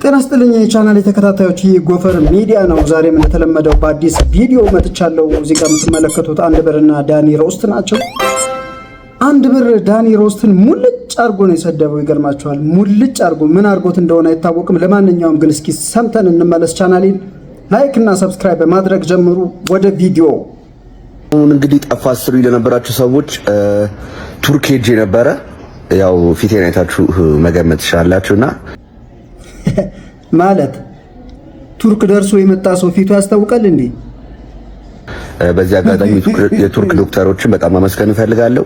ጤና ስጥልኝ የቻናል የተከታታዮች፣ ይህ ጎፈር ሚዲያ ነው። ዛሬም እንደተለመደው በአዲስ ቪዲዮ መጥቻለሁ። እዚህ ጋር የምትመለከቱት አንድ ብርና ዳኒ ሮስት ናቸው። አንድ ብር ዳኒ ሮስትን ሙልጭ አርጎ ነው የሰደበው። ይገርማቸዋል። ሙልጭ አርጎ ምን አርጎት እንደሆነ አይታወቅም። ለማንኛውም ግን እስኪ ሰምተን እንመለስ። ቻናሌን ላይክ እና ሰብስክራይብ በማድረግ ጀምሩ። ወደ ቪዲዮ አሁን እንግዲህ ጠፋ ስሩ ለነበራችሁ ሰዎች ቱርክ ሄጄ ነበረ። ያው ፊቴን አይታችሁ መገመት ትችላላችሁና ማለት ቱርክ ደርሶ የመጣ ሰው ፊቱ ያስታውቃል እንዴ? በዚህ አጋጣሚ የቱርክ ዶክተሮችን በጣም ማመስገን እፈልጋለሁ።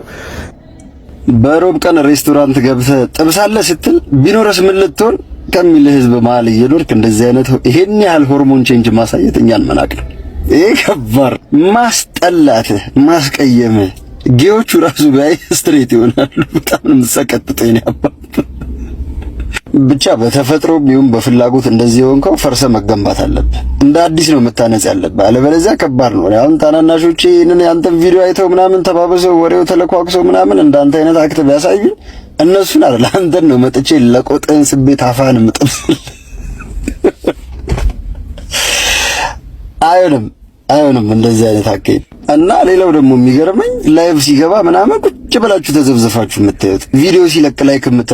በሮብ ቀን ሬስቶራንት ገብተህ ጥብስ ስትል ቢኖረስ ምን ልትሆን ከሚል ህዝብ መሀል እየኖርክ እንደዚህ አይነት ይሄን ያህል ሆርሞን ቼንጅ ማሳየት እኛን መናቅ ነው። ይሄ ከባድ ማስጠላትህ፣ ማስቀየምህ ጌዎቹ ራሱ ቢያይ ስትሬት ይሆናሉ። በጣም ነው የምትሰቀጥጠኝ አባት ብቻ በተፈጥሮ ቢሆን በፍላጎት እንደዚህ የሆንከው ፈርሰ መገንባት አለብህ። እንደ አዲስ ነው መታነጽ ያለብህ፣ አለበለዚያ ከባድ ነው። አሁን ታናናሾቼ ይህንን ያንተን ቪዲዮ አይተው ምናምን ተባብሰው ወሬው ተለኳኩሰው ምናምን እንዳንተ አይነት አክት ቢያሳዩኝ እነሱን አለ አንተን ነው መጥቼ ለቆጥህን ስቤት አፋን ምጥምስል። አይሆንም፣ አይሆንም እንደዚህ አይነት አካሄድ እና ሌላው ደግሞ የሚገርመኝ ላይቭ ሲገባ ምናምን ቁጭ ብላችሁ ተዘብዘፋችሁ የምታዩት ቪዲዮ ሲለቅ ላይክ የምታ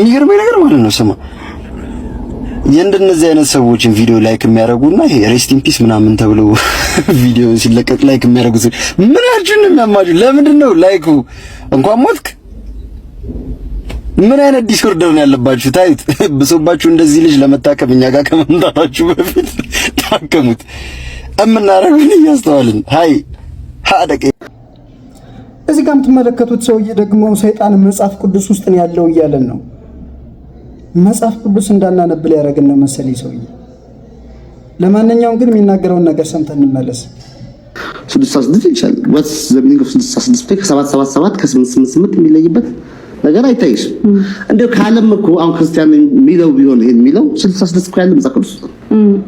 የሚገርመኝ ነገር ማለት ነው ስማ የእንደነዚህ አይነት ሰዎችን ቪዲዮ ላይክ የሚያደርጉና ይሄ ሬስት ኢን ፒስ ምናምን ተብለው ቪዲዮ ሲለቀቅ ላይክ የሚያደርጉ ምናችን ነው የሚያማጁ? ለምንድን ነው ላይኩ? እንኳን ሞትክ። ምን አይነት ዲስኦርደር ነው ያለባችሁ? ታዩት ብሶባችሁ፣ እንደዚህ ልጅ ለመታከም እኛ ጋር ከመምጣታችሁ በፊት ታከሙት። እምናረጉን እያስተዋልን ሃይ ሀደቀ እዚህ ጋር የምትመለከቱት ሰውዬ ደግሞ ሰይጣን መጽሐፍ ቅዱስ ውስጥ ነው ያለው እያለን ነው መጽሐፍ ቅዱስ እንዳናነብ ሊያደርገን ነው መሰለኝ ሰውዬ። ለማንኛውም ግን የሚናገረውን ነገር ሰምተን እንመለስ። ስድስት ይቻል ሰባት ከስምንት ስምንት ስምንት የሚለይበት ነገር አይታይሽ። እንደው ከዓለም እኮ አሁን ክርስቲያን የሚለው ቢሆን ይሄን የሚለው ስልሳ ስድስት እኮ ያለ መጽሐፍ ቅዱስ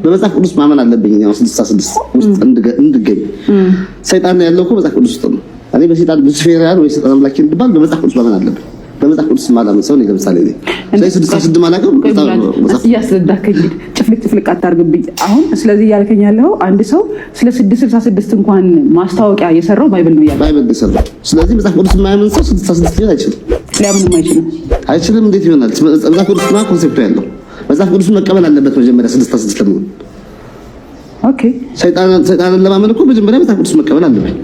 በመጽሐፍ ቅዱስ ማመን አለብኝ። ያው ስልሳ ስድስት ውስጥ እንድገኝ ሰይጣን ያለው እኮ መጽሐፍ ቅዱስ ውስጥ ነው። እኔ በሰይጣን ብዙ ፌሪያን ወይ ሰይጣን አምላኪ እንድባል በመጽሐፍ ቅዱስ ማመን አለብኝ። ከመጽሐፍ ቅዱስ ማላም ሰው ነው። ለምሳሌ እኔ እያስረዳከኝ ጭፍልቅ ጭፍልቅ አታርግብኝ። አሁን ስለዚህ እያልከኝ ያለው አንድ ሰው ስለ ስድስት ስልሳ ስድስት እንኳን ማስታወቂያ የሰራው ባይብል ነው ያለው ባይብል የሰራው ስለዚህ መጽሐፍ ቅዱስ የማያምን ሰው ስድስት ስልሳ ስድስት ሊሆን አይችልም። ሊያምንም አይችልም አይችልም። እንዴት ይሆናል? መጽሐፍ ቅዱስ ማ ኮንሴፕቱ ያለው መጽሐፍ ቅዱስ መቀበል አለበት መጀመሪያ ስድስት ስድስት ለመሆን ሰይጣንን ለማመን እኮ መጀመሪያ መጽሐፍ ቅዱስ መቀበል አለበት።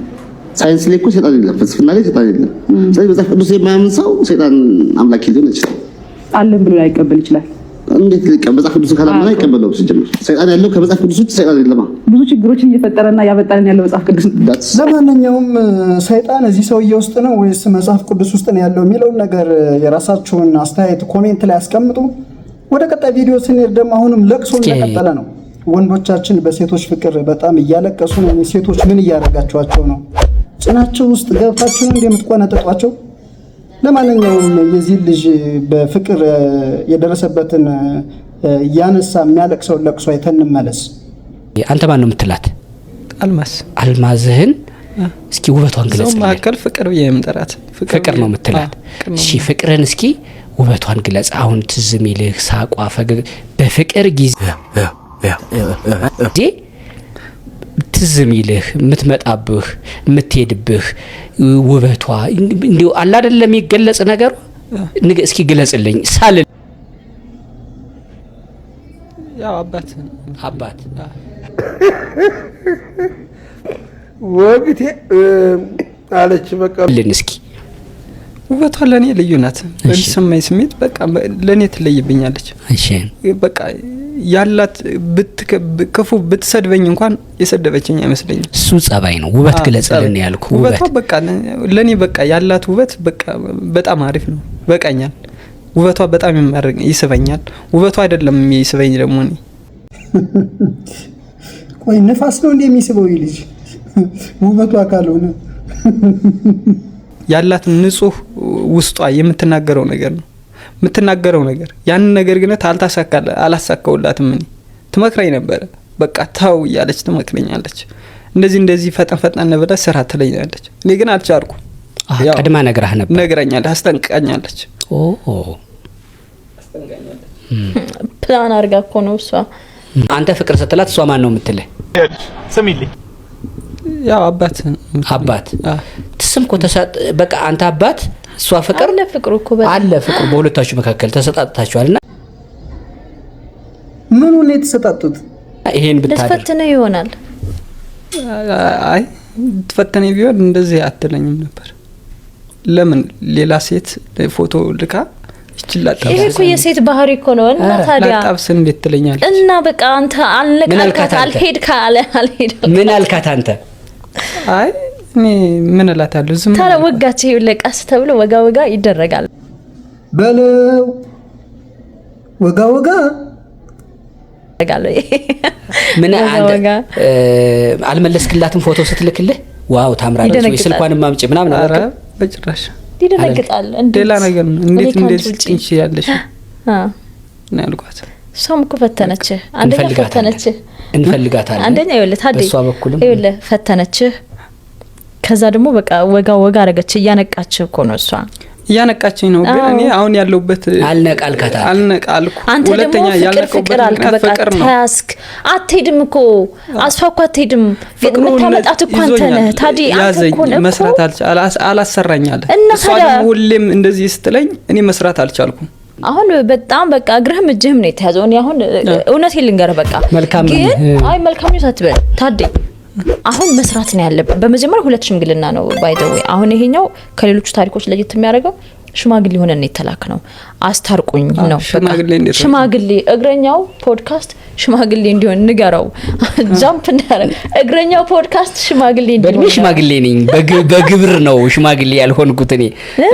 ሳይንስ ላይ እኮ ሰይጣን የለም፣ ፍልስፍና ላይ ሰይጣን የለም። ስለዚህ መጽሐፍ ቅዱስ የማያምን ሰው ሰይጣን አምላክ ሊሆን ይችላል አለን ብሎ ላይቀበል ይችላል። እንዴት ሊቀበል? መጽሐፍ ቅዱስን ካላመነ አይቀበለውም። ሲጀምር ሰይጣን ያለው ከመጽሐፍ ቅዱስ ውጭ ሰይጣን የለማ። ብዙ ችግሮችን እየፈጠረና ያበጣልን ያለው መጽሐፍ ቅዱስ። ለማንኛውም ሰይጣን እዚህ ሰውዬ ውስጥ ነው ወይስ መጽሐፍ ቅዱስ ውስጥ ነው ያለው የሚለውን ነገር የራሳችሁን አስተያየት ኮሜንት ላይ አስቀምጡ። ወደ ቀጣይ ቪዲዮ ስንሄድ ደግሞ አሁንም ለቅሶ እንደቀጠለ ነው። ወንዶቻችን በሴቶች ፍቅር በጣም እያለቀሱ ነው። ሴቶች ምን እያደረጋችኋቸው ነው? ጭናቸው ውስጥ ገብታችሁ እንደምትቆነጠጧቸው። ለማንኛውም የዚህ ልጅ በፍቅር የደረሰበትን እያነሳ የሚያለቅሰውን ለቅሶ አይተን እንመለስ። አንተ ማን ነው የምትላት? አልማዝ አልማዝህን እስኪ ውበቷን ግለጽ። መካከል ፍቅር ብዬ የምጠራት ፍቅር ነው የምትላት። እሺ ፍቅርን እስኪ ውበቷን ግለጽ። አሁን ትዝ የሚልህ ሳቋ፣ ፈገግ በፍቅር ጊዜ ትዝ የሚልህ የምትመጣብህ የምትሄድብህ ውበቷ እንዲሁ አላደለም የሚገለጽ ነገሩ እስኪ ግለጽልኝ ሳልል ያው አባት አባት ወግቴ አለች። በቃ ልን እስኪ ውበቷ ለእኔ ልዩ ናት። በሚሰማኝ ስሜት በቃ ለእኔ ትለይብኛለች። በቃ ያላት ክፉ ብትሰድበኝ እንኳን የሰደበችኝ አይመስለኝም። እሱ ጸባይ ነው። ውበት ግለጽልን ያልኩ ውበቷ በቃ ለእኔ በቃ ያላት ውበት በቃ በጣም አሪፍ ነው፣ በቃኛል። ውበቷ በጣም ይማረግ ይስበኛል። ውበቷ አይደለም የሚስበኝ ደግሞ እኔ ቆይ ነፋስ ነው እንዴ የሚስበው ልጅ ውበቷ ካልሆነ ያላት ንጹህ ውስጧ የምትናገረው ነገር ነው። የምትናገረው ነገር ያንን ነገር ግን ታልታሳካለ አላሳካውላትም። እኔ ትመክረኝ ነበረ። በቃ ተው እያለች ትመክረኛለች። እንደዚህ እንደዚህ ፈጠን ፈጠን ብለህ ስራ ትለኛለች። እኔ ግን አልቻልኩም። ቀድማ ነግራህ ነበር? ነግረኛለች። አስጠንቅቃኛለች። ፕላን አድርጋ እኮ ነው እሷ። አንተ ፍቅር ስትላት እሷ ማን ነው የምትልህ? ስሚልኝ ያው አባት አባት ስም እኮ በቃ አንተ አባት እሷ ፍቅር አለ ፍቅሩ እኮ አለ ፍቅሩ በሁለታችሁ መካከል ተሰጣጥታችኋልና ምን ሆነ የተሰጣጡት? ይሄን ብታደርግ ልትፈትነው ይሆናል። አይ ትፈተነ ቢሆን እንደዚህ አትለኝም ነበር። ለምን ሌላ ሴት ፎቶ ልካ ይሄ እኮ የሴት ባህሪ እኮ ነው። እና ታዲያ ላጣብስ እንዴት ትለኛለች? እና በቃ አንተ አልነቃልካት አልሄድ ካለ አልሄድ ምን አልካት አንተ አይ ምን እላታለሁ? ዝም ታዲያ ወጋቸው። ይኸውልህ ቀስ ተብሎ ወጋ ወጋ ይደረጋል። በለው ወጋ ወጋ ምን አልመለስክላትም? ፎቶ ስትልክልህ ዋው ታምራለች ወይ ስልኳን ማምጪ ምናምን አላቀ በጭራሽ ይደነግጣል። ሌላ ነገር ነው። እንዴት እንዴት ጭንቺ ያለሽ ነው ያልኳት። እሷም እኮ ፈተነችህ። አንደኛ ፈተነችህ፣ እንፈልጋታለን። አንደኛ ይኸውልህ ታዲያ በሷ በኩልም ይኸውልህ ፈተነችህ ከዛ ደግሞ በቃ ወጋ ወጋ አረገች። እያነቃችው እኮ ነው እሷ እያነቃችኝ ነው። ግን እኔ አሁን ያለሁበት አልነቃልከታ አልነቃልኩ። አንተ ደግሞ ፍቅር ተያዝክ። አትሄድም እኮ አስፋ እኮ አትሄድም። የምታመጣት እኮ አንተ ነህ። ታዲያ ያዘኝ መስራት አላሰራኛለ። እሷ ሁሌም እንደዚህ ስትለኝ እኔ መስራት አልቻልኩም። አሁን በጣም በቃ እግርህም እጅህም ነው የተያዘው። እኔ አሁን እውነት ልንገርህ በቃ መልካም ግን አይ መልካም ነው ሳትበል ታዲያ አሁን መስራት ነው ያለብን። በመጀመሪያ ሁለት ሽምግልና ነው ባይደዌ። አሁን ይሄኛው ከሌሎቹ ታሪኮች ለየት የሚያደርገው ሽማግሌ ሆነን የተላክ ነው። አስታርቁኝ ነው ሽማግሌ። እግረኛው ፖድካስት ሽማግሌ እንዲሆን ንገረው። ጃምፕ እንዳረ እግረኛው ፖድካስት ሽማግሌ እንዲሆን በእድሜ ሽማግሌ ነኝ። በግብር ነው ሽማግሌ ያልሆንኩት እኔ።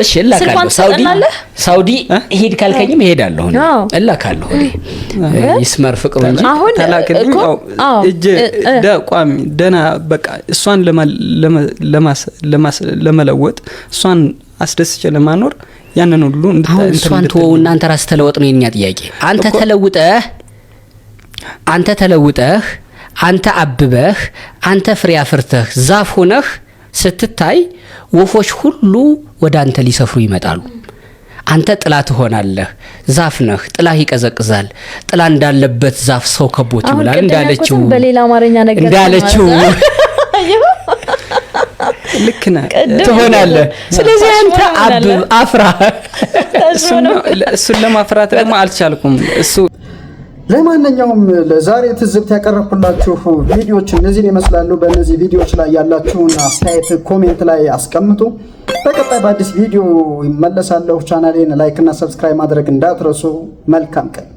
እሺ እላካለሁ። ሳውዲ ሄድ ካልከኝም እሄዳለሁ እላካለሁ። ይስመር ፍቅሩ እንጂ አሁን እጄ ቋሚ ደህና በቃ እሷን ለመለወጥ እሷን አስደስቼ ለማኖር ያንን ሁሉ እሷን ተወው፣ እናንተ ራስ ተለወጥ ነው የኛ ጥያቄ። አንተ ተለውጠህ አንተ ተለውጠህ አንተ አብበህ አንተ ፍሬ አፍርተህ ዛፍ ሆነህ ስትታይ ወፎች ሁሉ ወደ አንተ ሊሰፍሩ ይመጣሉ። አንተ ጥላ ትሆናለህ። ዛፍ ነህ። ጥላህ ይቀዘቅዛል። ጥላ እንዳለበት ዛፍ ሰው ከቦት ይውላል እንዳለችው በሌላ አማርኛ ነገር እንዳለችው ልክ ነህ ትሆናለህ። ስለዚህ አንተ አብብ አፍራ። እሱን ለማፍራት ደግሞ አልቻልኩም። እሱ ለማንኛውም ለዛሬ ትዝብት ያቀረብኩላችሁ ቪዲዮዎች እነዚህን ይመስላሉ። በእነዚህ ቪዲዮዎች ላይ ያላችሁን አስተያየት ኮሜንት ላይ አስቀምጡ። በቀጣይ በአዲስ ቪዲዮ ይመለሳለሁ። ቻናሌን ላይክ እና ሰብስክራይብ ማድረግ እንዳትረሱ። መልካም ቀን